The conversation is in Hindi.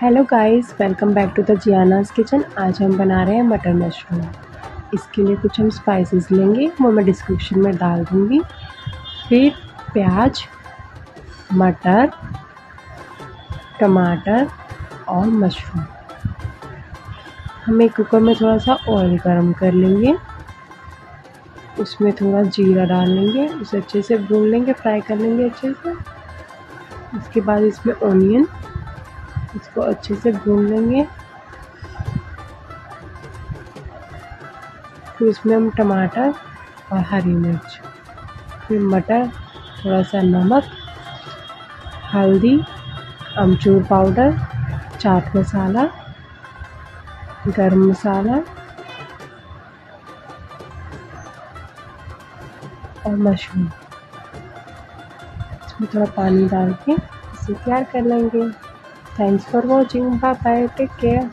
Hello guys welcome back to the Giana's kitchen आज हम बना रहे हैं मटर मशरूम इसके लिए कुछ हम स्पाइसेस लेंगे वो मैं डिस्क्रिप्शन में डाल दूँगी फिर प्याज मटर टमाटर और मशरूम हमें कुकर में थोड़ा सा ऑयल गर्म कर लेंगे उसमें थोड़ा जीरा डाल लेंगे उसे अच्छे से भून लेंगे फ्राई कर लेंगे अच्छे से उसके बाद इसमें ऑनियन इसको अच्छे से भून लेंगे फिर इसमें हम टमाटर और हरी मिर्च फिर मटर थोड़ा सा नमक हल्दी अमचूर पाउडर चाट मसाला गरम मसाला और मशरूम इसमें थोड़ा पानी डाल के इसे तैयार कर लेंगे Thanks for watching. Bye bye. Take care.